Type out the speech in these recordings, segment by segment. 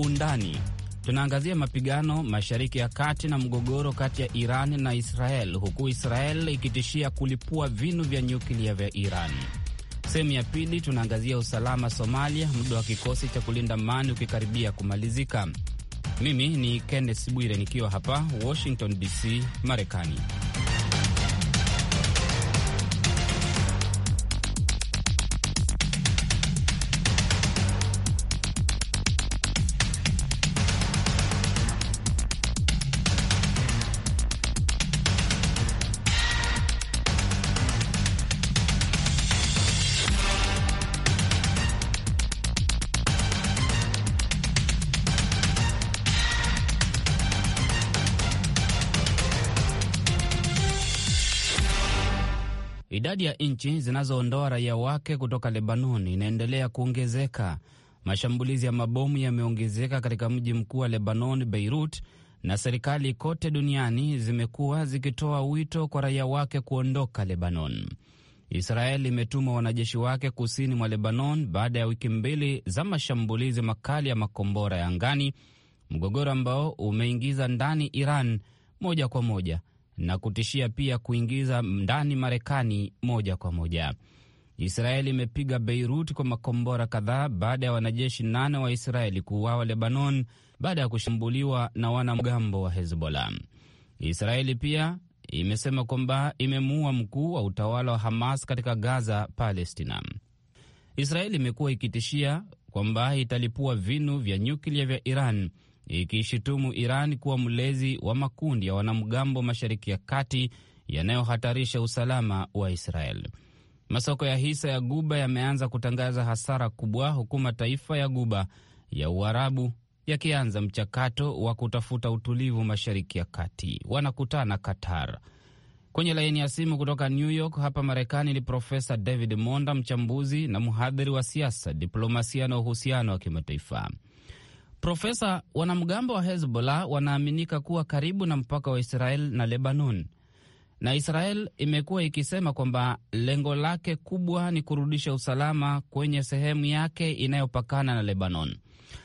undani tunaangazia mapigano Mashariki ya Kati na mgogoro kati ya Iran na Israel, huku Israel ikitishia kulipua vinu vya nyuklia vya Irani. Sehemu ya pili tunaangazia usalama Somalia, muda wa kikosi cha kulinda amani ukikaribia kumalizika. Mimi ni Kenneth Bwire nikiwa hapa Washington DC, Marekani. Idadi ya nchi zinazoondoa raia wake kutoka Lebanon inaendelea kuongezeka. Mashambulizi ya mabomu yameongezeka katika mji mkuu wa Lebanon, Beirut, na serikali kote duniani zimekuwa zikitoa wito kwa raia wake kuondoka Lebanon. Israeli imetuma wanajeshi wake kusini mwa Lebanon baada ya wiki mbili za mashambulizi makali ya makombora ya angani, mgogoro ambao umeingiza ndani Iran moja kwa moja na kutishia pia kuingiza ndani Marekani moja kwa moja. Israeli imepiga Beirut kwa makombora kadhaa baada ya wanajeshi nane wa Israeli kuuawa Lebanon baada ya kushambuliwa na wanamgambo wa Hezbollah. Israeli pia imesema kwamba imemuua mkuu wa utawala wa Hamas katika Gaza, Palestina. Israeli imekuwa ikitishia kwamba italipua vinu vya nyuklia vya Iran ikishutumu Iran kuwa mlezi wa makundi ya wanamgambo Mashariki ya Kati yanayohatarisha usalama wa Israel. Masoko ya hisa ya Guba yameanza kutangaza hasara kubwa, huku mataifa ya Guba ya Uarabu yakianza mchakato wa kutafuta utulivu Mashariki ya Kati. Wanakutana Qatar. Kwenye laini ya simu kutoka New York hapa Marekani ni Profesa David Monda, mchambuzi na mhadhiri wa siasa, diplomasia na uhusiano wa kimataifa. Profesa, wanamgambo wa Hezbollah wanaaminika kuwa karibu na mpaka wa Israel na Lebanon, na Israel imekuwa ikisema kwamba lengo lake kubwa ni kurudisha usalama kwenye sehemu yake inayopakana na Lebanon.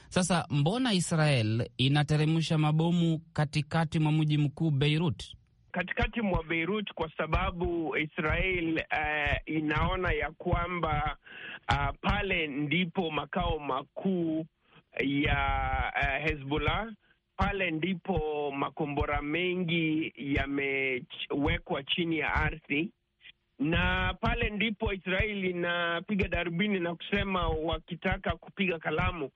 Sasa mbona Israel inateremsha mabomu katikati mwa mji mkuu Beirut? Katikati mwa Beirut kwa sababu Israel uh, inaona ya kwamba uh, pale ndipo makao makuu ya uh, Hezbollah pale ndipo makombora mengi yamewekwa chini ya ardhi, na pale ndipo Israeli inapiga darubini na kusema wakitaka kupiga kalamu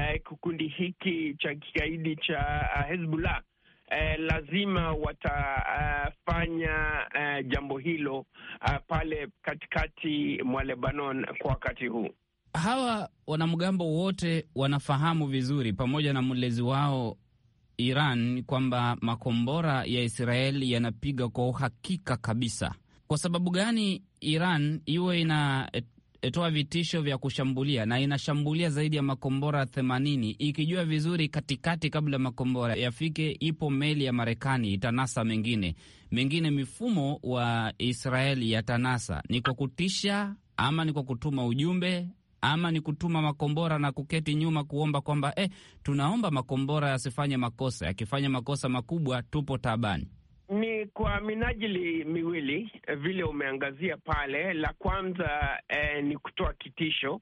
eh, kikundi hiki cha kigaidi cha eh, Hezbollah eh, lazima watafanya uh, uh, jambo hilo uh, pale katikati mwa Lebanon kwa wakati huu hawa wanamgambo wote wanafahamu vizuri, pamoja na mlezi wao Iran, kwamba makombora ya Israeli yanapiga kwa uhakika kabisa. Kwa sababu gani Iran iwe inatoa vitisho vya kushambulia na inashambulia zaidi ya makombora 80 ikijua vizuri katikati, kabla makombora yafike, ipo meli ya Marekani itanasa mengine mengine, mifumo wa Israeli yatanasa? Ni kwa kutisha ama ni kwa kutuma ujumbe ama ni kutuma makombora na kuketi nyuma kuomba kwamba eh, tunaomba makombora yasifanye makosa, yakifanya makosa makubwa tupo taabani? Ni kwa minajili miwili eh, vile umeangazia pale. La kwanza eh, ni kutoa kitisho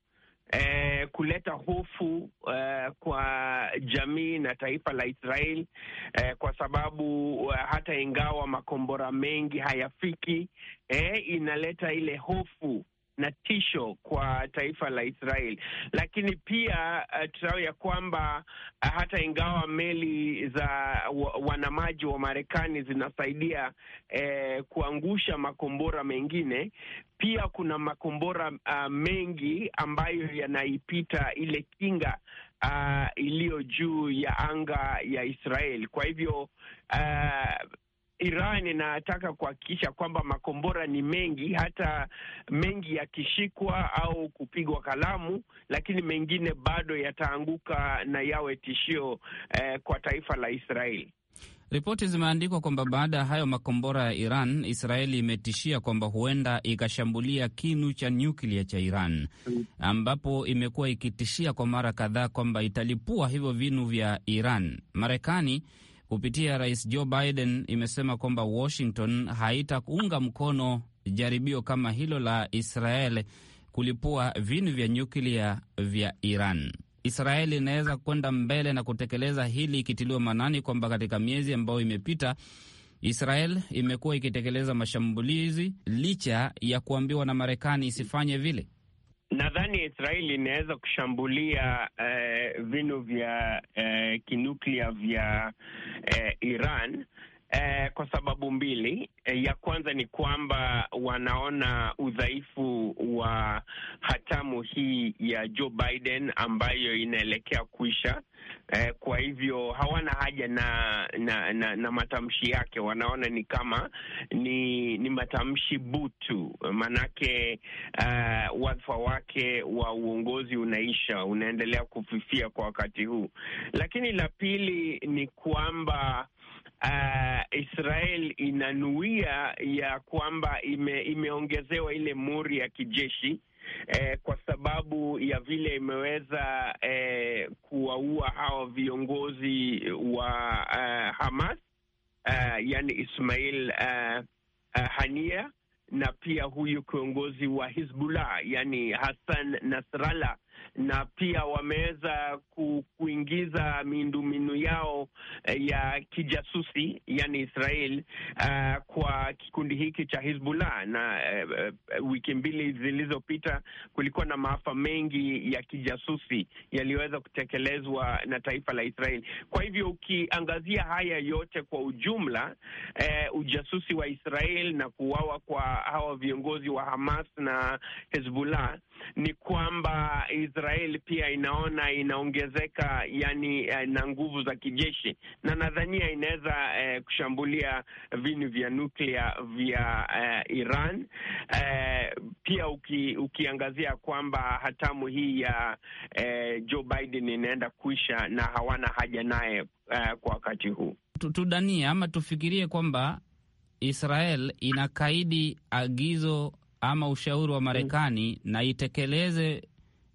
Eh, kuleta hofu eh, kwa jamii na taifa la Israel eh, kwa sababu eh, hata ingawa makombora mengi hayafiki eh, inaleta ile hofu na tisho kwa taifa la Israel, lakini pia uh, eh, tusahau ya kwamba uh, hata ingawa meli za wanamaji wa Marekani zinasaidia eh, kuangusha makombora mengine, pia kuna makombora uh, mengi ambayo yanaipita ile kinga uh, iliyo juu ya anga ya Israel. Kwa hivyo uh, Iran inataka kuhakikisha kwamba makombora ni mengi, hata mengi yakishikwa au kupigwa kalamu, lakini mengine bado yataanguka na yawe tishio eh, kwa taifa la Israeli. Ripoti zimeandikwa kwamba baada ya hayo makombora ya Iran, Israeli imetishia kwamba huenda ikashambulia kinu cha nyuklia cha Iran, ambapo imekuwa ikitishia kwa mara kadhaa kwamba italipua hivyo vinu vya Iran. Marekani kupitia rais Joe Biden imesema kwamba Washington haitaunga mkono jaribio kama hilo la Israel kulipua vinu vya nyuklia vya Iran. Israel inaweza kwenda mbele na kutekeleza hili ikitiliwa maanani kwamba katika miezi ambayo imepita Israel imekuwa ikitekeleza mashambulizi licha ya kuambiwa na Marekani isifanye vile. Nadhani Israeli inaweza kushambulia eh, vinu vya eh, kinuklia vya eh, Iran Eh, kwa sababu mbili. Eh, ya kwanza ni kwamba wanaona udhaifu wa hatamu hii ya Joe Biden ambayo inaelekea kuisha. Eh, kwa hivyo hawana haja na na, na, na matamshi yake. Wanaona ni kama ni ni matamshi butu, maanake eh, wadhifa wake wa uongozi unaisha, unaendelea kufifia kwa wakati huu. Lakini la pili ni kwamba uh, Israel inanuia ya kwamba ime, imeongezewa ile muri ya kijeshi eh, kwa sababu ya vile imeweza eh, kuwaua hawa viongozi wa uh, Hamas uh, yani Ismail uh, uh, Hania na pia huyu kiongozi wa Hizbullah yani Hassan Nasrallah na pia wameweza ku, kuingiza miundombinu yao eh, ya kijasusi yani Israel uh, kwa kikundi hiki cha Hizbullah na uh, wiki mbili zilizopita kulikuwa na maafa mengi ya kijasusi yaliyoweza kutekelezwa na taifa la Israel. Kwa hivyo ukiangazia haya yote kwa ujumla, uh, ujasusi wa Israel na kuuawa kwa hawa viongozi wa Hamas na hezbullah ni kwamba Israel pia inaona inaongezeka, yani eh, na nguvu za kijeshi, na nadhania inaweza eh, kushambulia vinu vya nuklia vya eh, Iran eh, pia uki, ukiangazia kwamba hatamu hii ya eh, Joe Biden inaenda kuisha na hawana haja naye eh, kwa wakati huu. Tudanie ama tufikirie kwamba Israel inakaidi agizo ama ushauri wa mm. Marekani mm, na itekeleze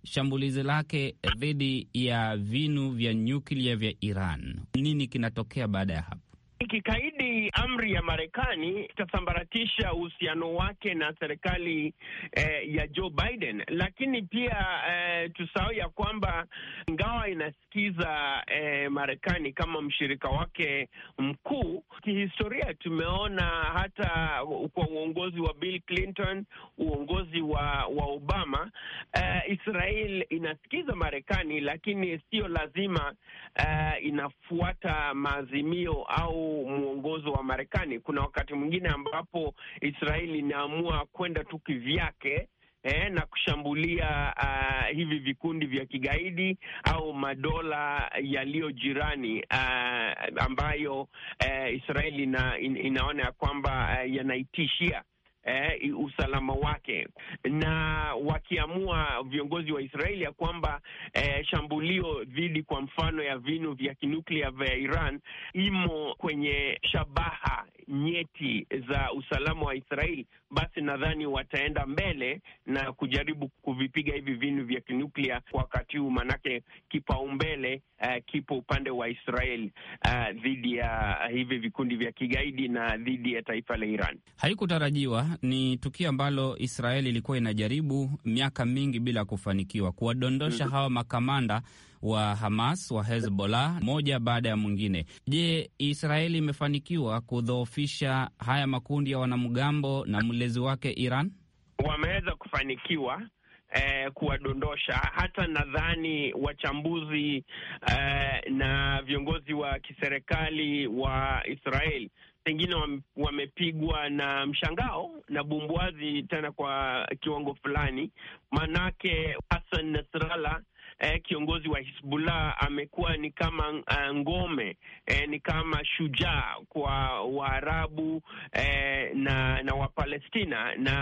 shambulizi lake eh, dhidi ya vinu vya nyuklia vya Iran. Nini kinatokea baada ya hapo? ikikaidi amri ya Marekani itasambaratisha uhusiano wake na serikali eh, ya Joe Biden. Lakini pia eh, tusahau ya kwamba ingawa inasikiza eh, Marekani kama mshirika wake mkuu, kihistoria tumeona hata kwa uongozi wa Bill Clinton, uongozi wa, wa Obama, eh, Israel inasikiza Marekani, lakini sio lazima eh, inafuata maazimio au huu mwongozo wa Marekani. Kuna wakati mwingine ambapo Israeli inaamua kwenda tu kivyake eh, na kushambulia uh, hivi vikundi vya kigaidi au madola yaliyo jirani uh, ambayo uh, Israeli ina, in, inaona ya kwamba uh, yanaitishia eh, usalama wake, na wakiamua viongozi wa Israeli ya kwamba eh, shambulio dhidi kwa mfano ya vinu vya kinuklia vya Iran imo kwenye shabaha nyeti za usalama wa Israeli, basi nadhani wataenda mbele na kujaribu kuvipiga hivi vinu vya kinuklia kwa wakati huu, maanake kipaumbele uh, kipo upande wa Israeli uh, eh, dhidi ya hivi vikundi vya kigaidi na dhidi ya taifa la Iran. Haikutarajiwa, ni tukio ambalo Israeli ilikuwa inajaribu miaka mingi bila kufanikiwa kuwadondosha mm -hmm. hawa makamanda wa Hamas wa Hezbollah moja baada ya mwingine. Je, Israeli imefanikiwa kudhoofisha haya makundi ya wanamgambo na mlezi wake Iran? Wameweza kufanikiwa Eh, kuwadondosha. Hata nadhani wachambuzi eh, na viongozi wa kiserikali wa Israel pengine wamepigwa na mshangao na bumbwazi tena kwa kiwango fulani, manake Hassan Nasrallah eh, kiongozi wa Hizbullah amekuwa ni kama uh, ngome eh, ni kama shujaa kwa Waarabu eh, na na Wapalestina, na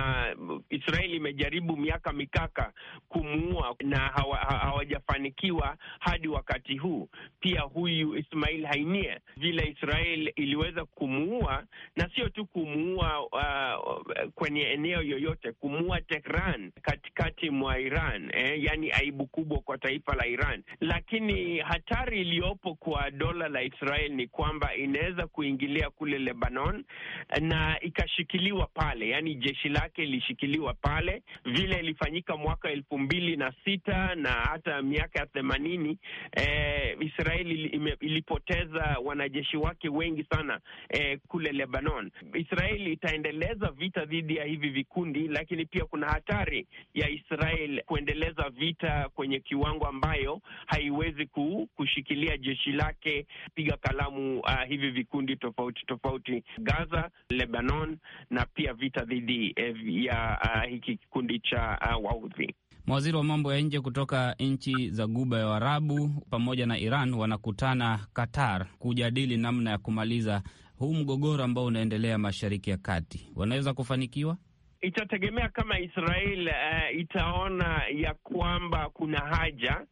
Israeli imejaribu miaka mikaka kumuua na hawajafanikiwa hawa hadi wakati huu. Pia huyu Ismail Hainia, vile Israel iliweza kumuua na sio tu kumuua uh, kwenye eneo yoyote, kumuua Tehran katikati mwa Iran eh, yani aibu kubwa kwa taifa la Iran, lakini hatari iliyopo kwa dola la Israel ni kwamba inaweza kuingilia kule Lebanon na ikashikiliwa pale, yaani jeshi lake ilishikiliwa pale vile ilifanyika mwaka elfu mbili na sita na hata miaka ya themanini. Eh, Israel ilipoteza wanajeshi wake wengi sana eh, kule Lebanon. Israel itaendeleza vita dhidi ya hivi vikundi, lakini pia kuna hatari ya Israel kuendeleza vita kwenye kiwango mipango ambayo haiwezi kushikilia jeshi lake piga kalamu uh, hivi vikundi tofauti tofauti Gaza, Lebanon na pia vita dhidi eh, ya uh, hiki kikundi cha uh, Wahouthi. Mawaziri wa mambo ya nje kutoka nchi za Guba ya arabu pamoja na Iran wanakutana Qatar kujadili namna ya kumaliza huu mgogoro ambao unaendelea Mashariki ya Kati. Wanaweza kufanikiwa? itategemea kama Israel uh, itaona ya kwamba kuna haja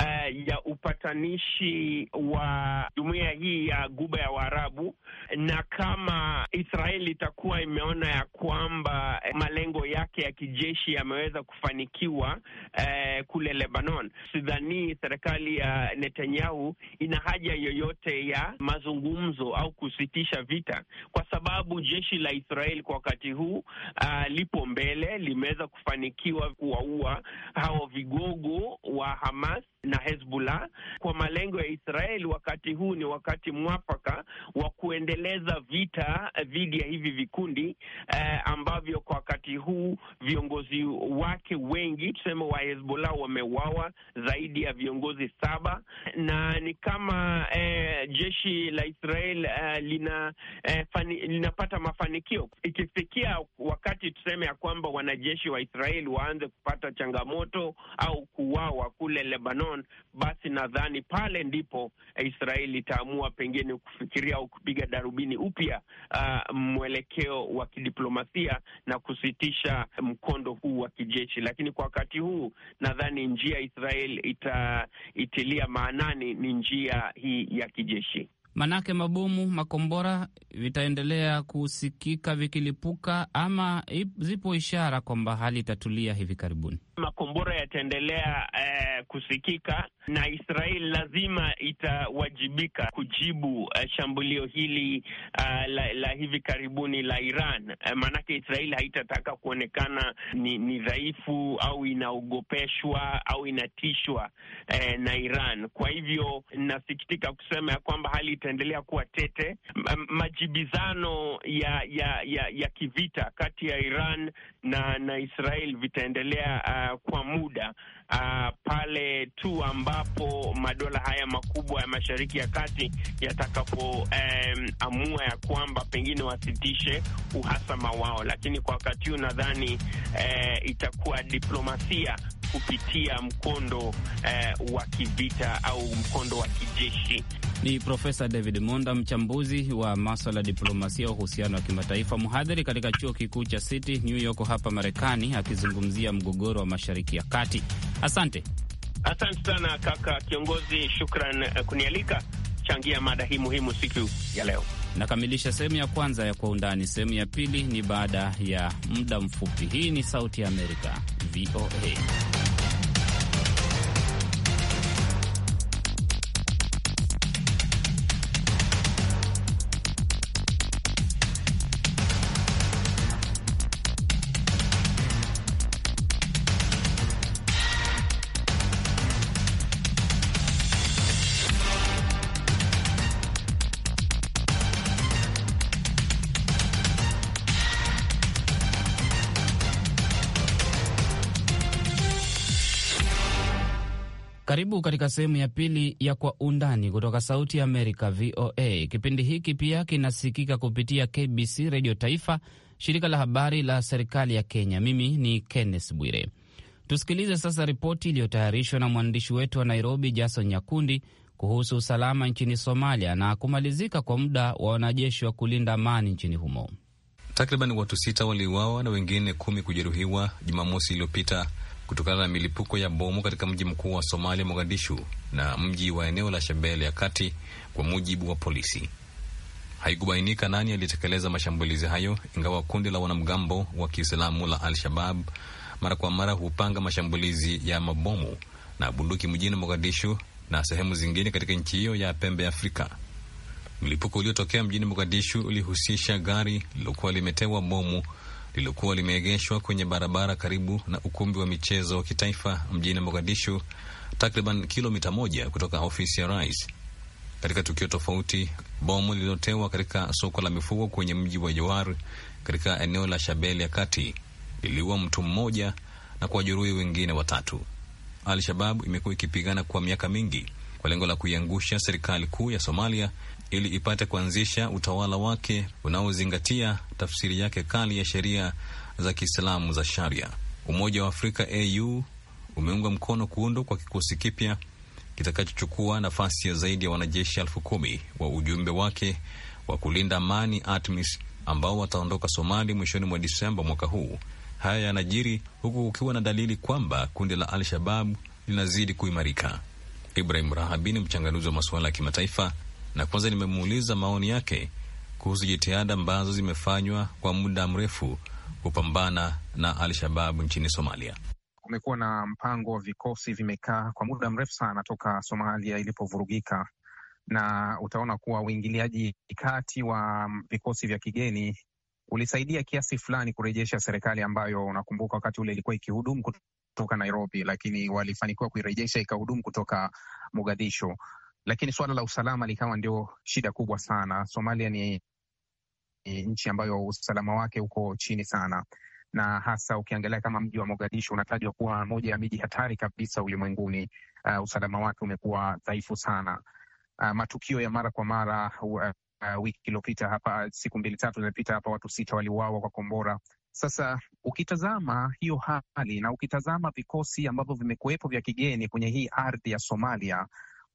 uh, ya upatanishi wa jumuiya hii ya Guba ya Waarabu, na kama Israeli itakuwa imeona ya kwamba eh, malengo yake ya kijeshi yameweza kufanikiwa uh, kule Lebanon, sidhani serikali ya Netanyahu ina haja yoyote ya mazungumzo au kusitisha vita, kwa sababu jeshi la Israeli kwa wakati huu uh, lipo mbele, limeweza kufanikiwa kuwaua hao vigogo wa Hamas na Hezbollah kwa malengo ya Israeli. Wakati huu ni wakati mwafaka wa kuendeleza vita dhidi ya hivi vikundi eh, ambavyo kwa wakati huu viongozi wake wengi tuseme wa Hezbollah wamewawa zaidi ya viongozi saba, na ni kama eh, jeshi la Israel eh, lina, eh, linapata mafanikio ikifika kufikia wakati tuseme ya kwamba wanajeshi wa Israeli waanze kupata changamoto au kuuawa kule Lebanon, basi nadhani pale ndipo eh, Israeli itaamua pengine kufikiria au kupiga darubini upya uh, mwelekeo wa kidiplomasia na kusitisha mkondo huu wa kijeshi. Lakini kwa wakati huu nadhani njia israel itaitilia maanani ni njia hii ya kijeshi manake mabomu, makombora vitaendelea kusikika vikilipuka, ama zipo ishara kwamba hali itatulia hivi karibuni? Makombora yataendelea eh, kusikika na israel lazima itawajibika kujibu eh, shambulio hili eh, la, la hivi karibuni la Iran eh, maanake israel haitataka kuonekana ni, ni dhaifu au inaogopeshwa au inatishwa eh, na Iran. Kwa hivyo nasikitika kusema ya kwamba hali itaendelea kuwa tete. Majibizano ya ya ya, ya kivita kati ya Iran na na Israel vitaendelea uh, kwa muda uh, pale tu ambapo madola haya makubwa ya Mashariki ya Kati yatakapoamua um, ya kwamba pengine wasitishe uhasama wao, lakini kwa wakati huu nadhani uh, itakuwa diplomasia kupitia mkondo eh, wa kivita au mkondo wa kijeshi. Ni Profesa David Monda, mchambuzi wa maswala ya diplomasia uhusiano wa kimataifa, mhadhiri katika chuo kikuu cha City New York hapa Marekani, akizungumzia mgogoro wa Mashariki ya Kati. Asante, asante sana kaka kiongozi, shukran eh, kunialika changia mada hii muhimu siku ya leo. Nakamilisha sehemu ya kwanza ya Kwa Undani. Sehemu ya pili ni baada ya muda mfupi. Hii ni Sauti ya Amerika. VOA. E. Karibu katika sehemu ya pili ya Kwa Undani kutoka Sauti ya Amerika, VOA. Kipindi hiki pia kinasikika kupitia KBC Redio Taifa, shirika la habari la serikali ya Kenya. Mimi ni Kenneth Bwire. Tusikilize sasa ripoti iliyotayarishwa na mwandishi wetu wa Nairobi, Jason Nyakundi, kuhusu usalama nchini Somalia na kumalizika kwa muda wa wanajeshi wa kulinda amani nchini humo. Takriban watu sita waliuawa na wengine kumi kujeruhiwa Jumamosi iliyopita kutokana na milipuko ya bomu katika mji mkuu wa Somalia, Mogadishu, na mji wa eneo la Shebele ya kati, kwa mujibu wa polisi. Haikubainika nani alitekeleza mashambulizi hayo, ingawa kundi la wanamgambo wa Kiislamu la Al-Shabab mara kwa mara hupanga mashambulizi ya mabomu na bunduki mjini Mogadishu na sehemu zingine katika nchi hiyo ya pembe Afrika. Mlipuko uliotokea mjini Mogadishu ulihusisha gari lililokuwa limetewa bomu lililokuwa limeegeshwa kwenye barabara karibu na ukumbi wa michezo wa kitaifa mjini Mogadishu, takriban kilomita moja kutoka ofisi ya rais. Katika tukio tofauti, bomu lililotewa katika soko la mifugo kwenye mji wa Jowar katika eneo la Shabelle ya kati liliua mtu mmoja na kuwajeruhi wengine watatu. Al-Shabab imekuwa ikipigana kwa miaka mingi kwa lengo la kuiangusha serikali kuu ya Somalia ili ipate kuanzisha utawala wake unaozingatia tafsiri yake kali ya sheria za Kiislamu za Sharia. Umoja wa Afrika au umeunga mkono kuundwa kwa kikosi kipya kitakachochukua nafasi ya zaidi ya wanajeshi elfu kumi wa ujumbe wake wa kulinda amani ATMIS ambao wataondoka Somali mwishoni mwa Disemba mwaka huu. Haya yanajiri huku kukiwa na dalili kwamba kundi la Al-Shababu linazidi kuimarika. Ibrahim Rahabi ni mchanganuzi wa masuala ya kimataifa na kwanza nimemuuliza maoni yake kuhusu jitihada ambazo zimefanywa kwa muda mrefu kupambana na Al-Shabab nchini Somalia. Kumekuwa na mpango wa vikosi vimekaa kwa muda mrefu sana toka Somalia ilipovurugika, na utaona kuwa uingiliaji kati wa vikosi vya kigeni ulisaidia kiasi fulani kurejesha serikali ambayo unakumbuka wakati ule ilikuwa ikihudumu kutoka Nairobi, lakini walifanikiwa kuirejesha ikahudumu kutoka Mogadisho lakini suala la usalama likawa ndio shida kubwa sana. Somalia ni, ni nchi ambayo usalama wake uko chini sana, na hasa ukiangalia kama mji wa Mogadishu unatajwa kuwa moja ya miji hatari kabisa ulimwenguni. Uh, usalama wake umekuwa dhaifu sana. Uh, matukio ya mara kwa mara uh, uh, wiki iliyopita hapa, siku mbili tatu zimepita hapa, watu sita waliuawa kwa kombora. Sasa ukitazama hiyo hali na ukitazama vikosi ambavyo vimekuwepo vya kigeni kwenye hii ardhi ya Somalia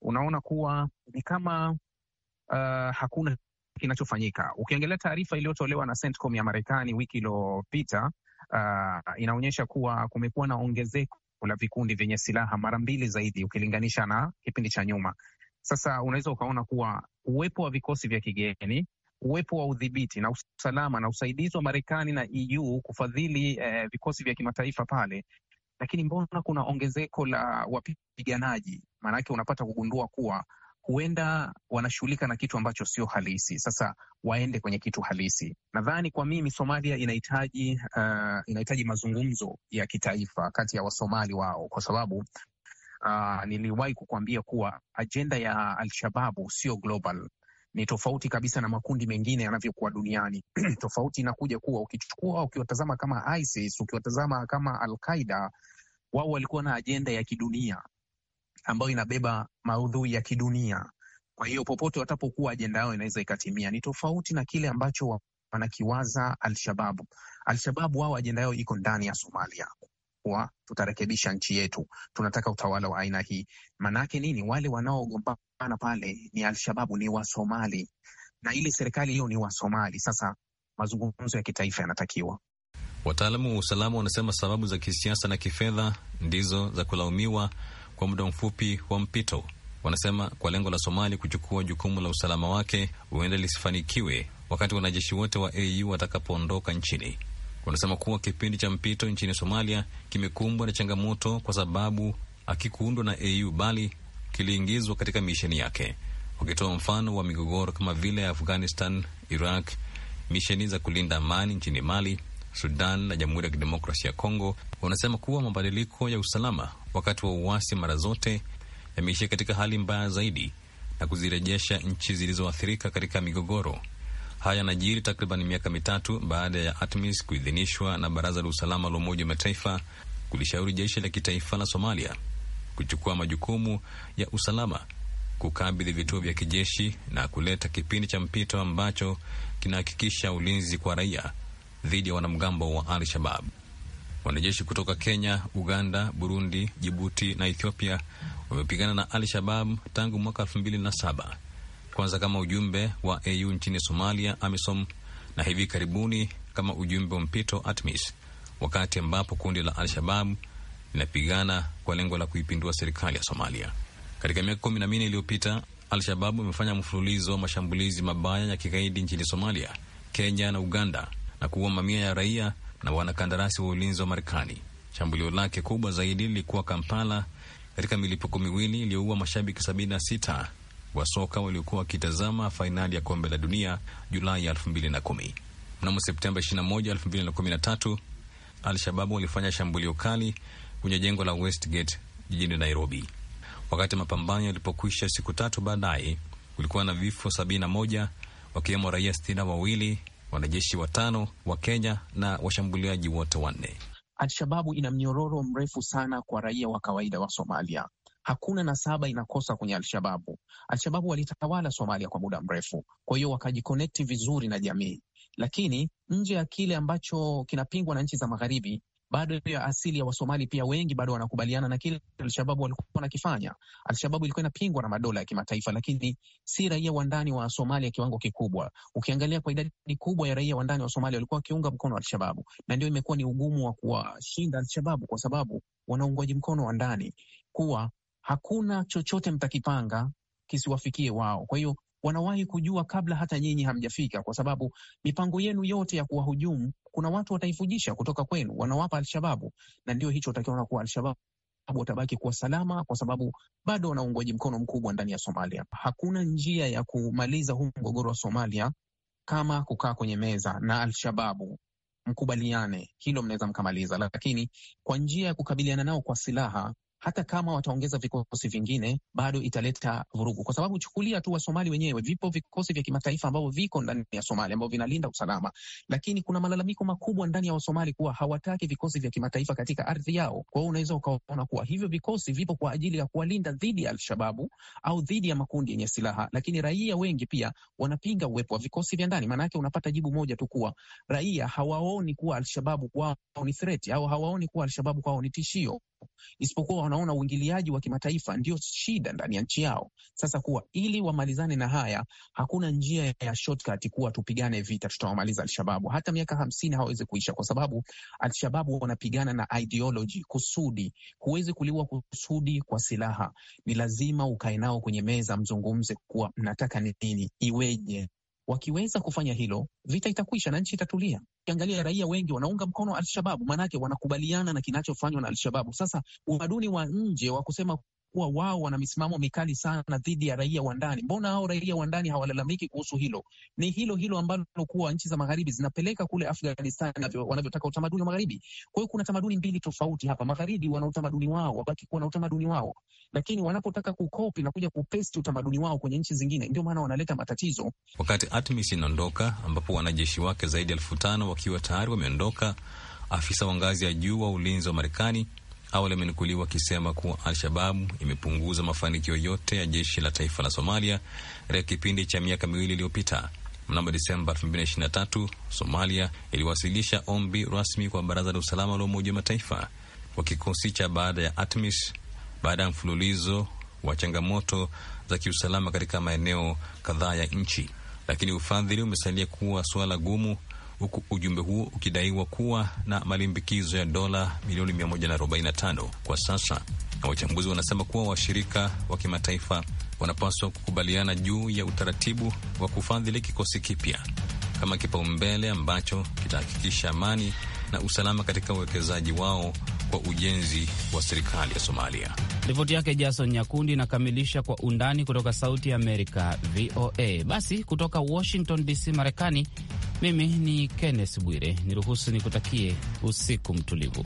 unaona kuwa ni kama uh, hakuna kinachofanyika. Ukiangalia taarifa iliyotolewa na CENTCOM ya Marekani wiki iliyopita uh, inaonyesha kuwa kumekuwa na ongezeko la vikundi vyenye silaha mara mbili zaidi ukilinganisha na kipindi cha nyuma. Sasa unaweza ukaona kuwa uwepo wa vikosi vya kigeni, uwepo wa udhibiti na usalama na usaidizi wa Marekani na EU kufadhili eh, vikosi vya kimataifa pale lakini mbona kuna ongezeko la wapiganaji? Maanake unapata kugundua kuwa huenda wanashughulika na kitu ambacho sio halisi. Sasa waende kwenye kitu halisi. Nadhani kwa mimi Somalia inahitaji uh, inahitaji mazungumzo ya kitaifa kati ya Wasomali wao, kwa sababu uh, niliwahi kukuambia kuwa ajenda ya Alshababu sio global ni tofauti kabisa na makundi mengine yanavyokuwa duniani. Tofauti inakuja kuwa ukichukua, ukiwatazama kama ISIS, ukiwatazama kama Al-Qaida, wao walikuwa na ajenda ya kidunia ambayo inabeba maudhui ya kidunia. Kwa hiyo popote watapokuwa, ajenda yao inaweza ikatimia. Ni tofauti na kile ambacho wanakiwaza Alshababu. Alshababu wao ajenda yao iko ndani ya Somalia, kuwa tutarekebisha nchi yetu, tunataka utawala wa aina hii. Maanake nini? Wale wanaogombana pale ni Alshababu, ni Wasomali na ile serikali hiyo ni Wasomali. Sasa mazungumzo ya kitaifa yanatakiwa. Wataalamu wa usalama wanasema sababu za kisiasa na kifedha ndizo za kulaumiwa kwa muda mfupi wa mpito. Wanasema kwa lengo la Somali kuchukua jukumu la usalama wake huenda lisifanikiwe wakati wanajeshi wote wa AU watakapoondoka nchini wanasema kuwa kipindi cha mpito nchini Somalia kimekumbwa na changamoto kwa sababu akikuundwa na AU bali kiliingizwa katika misheni yake, wakitoa mfano wa migogoro kama vile Afghanistan, Iraq, misheni za kulinda amani nchini Mali, Sudan na Jamhuri ya Kidemokrasia ya Kongo. Wanasema kuwa mabadiliko ya usalama wakati wa uasi mara zote yameishia katika hali mbaya zaidi na kuzirejesha nchi zilizoathirika katika migogoro. Haya yanajiri takriban miaka mitatu baada ya ATMIS kuidhinishwa na Baraza la Usalama la Umoja wa Mataifa kulishauri jeshi la kitaifa la Somalia kuchukua majukumu ya usalama, kukabidhi vituo vya kijeshi na kuleta kipindi cha mpito ambacho kinahakikisha ulinzi kwa raia dhidi ya wanamgambo wa Al Shabab. Wanajeshi kutoka Kenya, Uganda, Burundi, Jibuti na Ethiopia wamepigana na Al Shabab tangu mwaka elfu mbili na saba kwanza kama ujumbe wa AU nchini Somalia, AMISOM, na hivi karibuni kama ujumbe wa mpito ATMIS, wakati ambapo kundi la Al-Shabab linapigana kwa lengo la kuipindua serikali ya Somalia. Katika miaka kumi na minne iliyopita, Al-Shababu imefanya mfululizo wa mashambulizi mabaya ya kigaidi nchini Somalia, Kenya na Uganda na kuua mamia ya raia na wanakandarasi wa ulinzi wa Marekani. Shambulio lake kubwa zaidi lilikuwa Kampala, katika milipuko miwili iliyoua mashabiki sita wa soka waliokuwa wakitazama fainali ya kombe la dunia Julai 2010. Mnamo Septemba 21, 2013, Al-Shababu walifanya shambulio kali kwenye jengo la Westgate jijini Nairobi. Wakati mapambano yalipokwisha siku tatu baadaye, kulikuwa na vifo 71 wakiwemo raia sitini na wawili, wanajeshi watano wa Kenya na washambuliaji wote wanne. Al-Shababu ina mnyororo mrefu sana kwa raia wa kawaida wa Somalia hakuna nasaba inakosa kwenye Alshababu. Alshababu walitawala Somalia kwa muda mrefu, kwa hiyo wakajikonekti vizuri na jamii, lakini nje ya kile ambacho kinapingwa na nchi za magharibi bado ya asili ya Wasomali pia wengi bado wanakubaliana na kile Alshababu walikuwa wanakifanya. Alshababu ilikuwa inapingwa na madola ya kimataifa, lakini si raia wa ndani wa Somalia kiwango kikubwa. Ukiangalia kwa idadi kubwa ya raia wa ndani wa Somalia walikuwa wakiunga mkono Alshababu, na ndio imekuwa ni ugumu wa kuwashinda Alshababu kwa sababu wanaungwaji mkono wa ndani kuwa hakuna chochote mtakipanga kisiwafikie wao. Kwa hiyo wanawahi kujua kabla hata nyinyi hamjafika, kwa sababu mipango yenu yote ya kuwahujumu, kuna watu wataifujisha kutoka kwenu, wanawapa Alshababu, na ndio hicho utakiona kuwa Alshababu watabaki kuwa salama, kwa sababu bado wana uungwaji mkono mkubwa ndani ya Somalia. Hakuna njia ya kumaliza huu mgogoro wa Somalia kama kukaa kwenye meza na Alshababu mkubaliane, hilo mnaweza mkamaliza, lakini kwa njia ya kukabiliana nao kwa silaha hata kama wataongeza vikosi vingine bado italeta vurugu, kwa sababu chukulia tu Wasomali wenyewe, vipo vikosi vya kimataifa ambavyo viko ndani ya somali ambavyo vinalinda usalama, lakini kuna malalamiko makubwa ndani ya Wasomali kuwa hawataki vikosi vya kimataifa katika ardhi yao. Kwa hiyo unaweza ukaona kuwa hivyo vikosi vipo kwa ajili ya kuwalinda dhidi ya Alshababu au dhidi ya makundi yenye silaha, lakini raia wengi pia wanapinga uwepo wa vikosi vya ndani. Maanake unapata jibu moja tu kuwa raia hawaoni kuwa Alshababu kwao ni threat au hawaoni kuwa Alshababu kwao ni tishio isipokuwa wanaona uingiliaji wa kimataifa ndio shida ndani ya nchi yao. Sasa kuwa ili wamalizane na haya, hakuna njia ya shortcut kuwa tupigane vita tutawamaliza Alshababu. Hata miaka hamsini hawawezi kuisha, kwa sababu Alshababu wanapigana na ideology, kusudi. Huwezi kuliua kusudi kwa silaha, ni lazima ukae nao kwenye meza, mzungumze kuwa mnataka nini, iweje Wakiweza kufanya hilo, vita itakwisha na nchi itatulia. Ukiangalia raia wengi wanaunga mkono Alshababu, maanake wanakubaliana na kinachofanywa na Alshababu. Sasa utamaduni wa nje wa kusema kuwa wao wana misimamo mikali sana dhidi ya raia wa ndani. Mbona hao raia wa ndani hawalalamiki kuhusu hilo? Ni hilo hilo ambalo kuwa nchi za magharibi zinapeleka kule Afghanistan wanavyotaka utamaduni wa magharibi. Kwa hiyo kuna tamaduni mbili tofauti hapa. Magharibi wana utamaduni wao, wabaki kuwa na utamaduni wao, lakini wanapotaka kukopi na kuja kupesti utamaduni wao kwenye nchi zingine, ndio maana wanaleta matatizo. Wakati ATMIS inaondoka, ambapo wanajeshi wake zaidi ya elfu tano wakiwa tayari wameondoka, afisa wa ngazi ya juu wa ulinzi wa Marekani awali amenukuliwa akisema kuwa Al-Shababu imepunguza mafanikio yote ya jeshi la taifa la Somalia katika kipindi cha miaka miwili iliyopita. Mnamo Desemba 2023 Somalia iliwasilisha ombi rasmi kwa Baraza la Usalama la Umoja wa Mataifa kwa kikosi cha baada ya ATMIS baada ya mfululizo wa changamoto za kiusalama katika maeneo kadhaa ya nchi, lakini ufadhili umesalia kuwa suala gumu huku ujumbe huo ukidaiwa kuwa na malimbikizo ya dola milioni 145 kwa sasa, na wachambuzi wanasema kuwa washirika wa kimataifa wanapaswa kukubaliana juu ya utaratibu wa kufadhili kikosi kipya kama kipaumbele ambacho kitahakikisha amani na usalama katika uwekezaji wao kwa ujenzi wa serikali ya Somalia. Ripoti yake Jason Nyakundi inakamilisha kwa undani kutoka Sauti ya Amerika, VOA. Basi kutoka Washington DC, Marekani, mimi ni Kenneth Bwire, niruhusu nikutakie usiku mtulivu.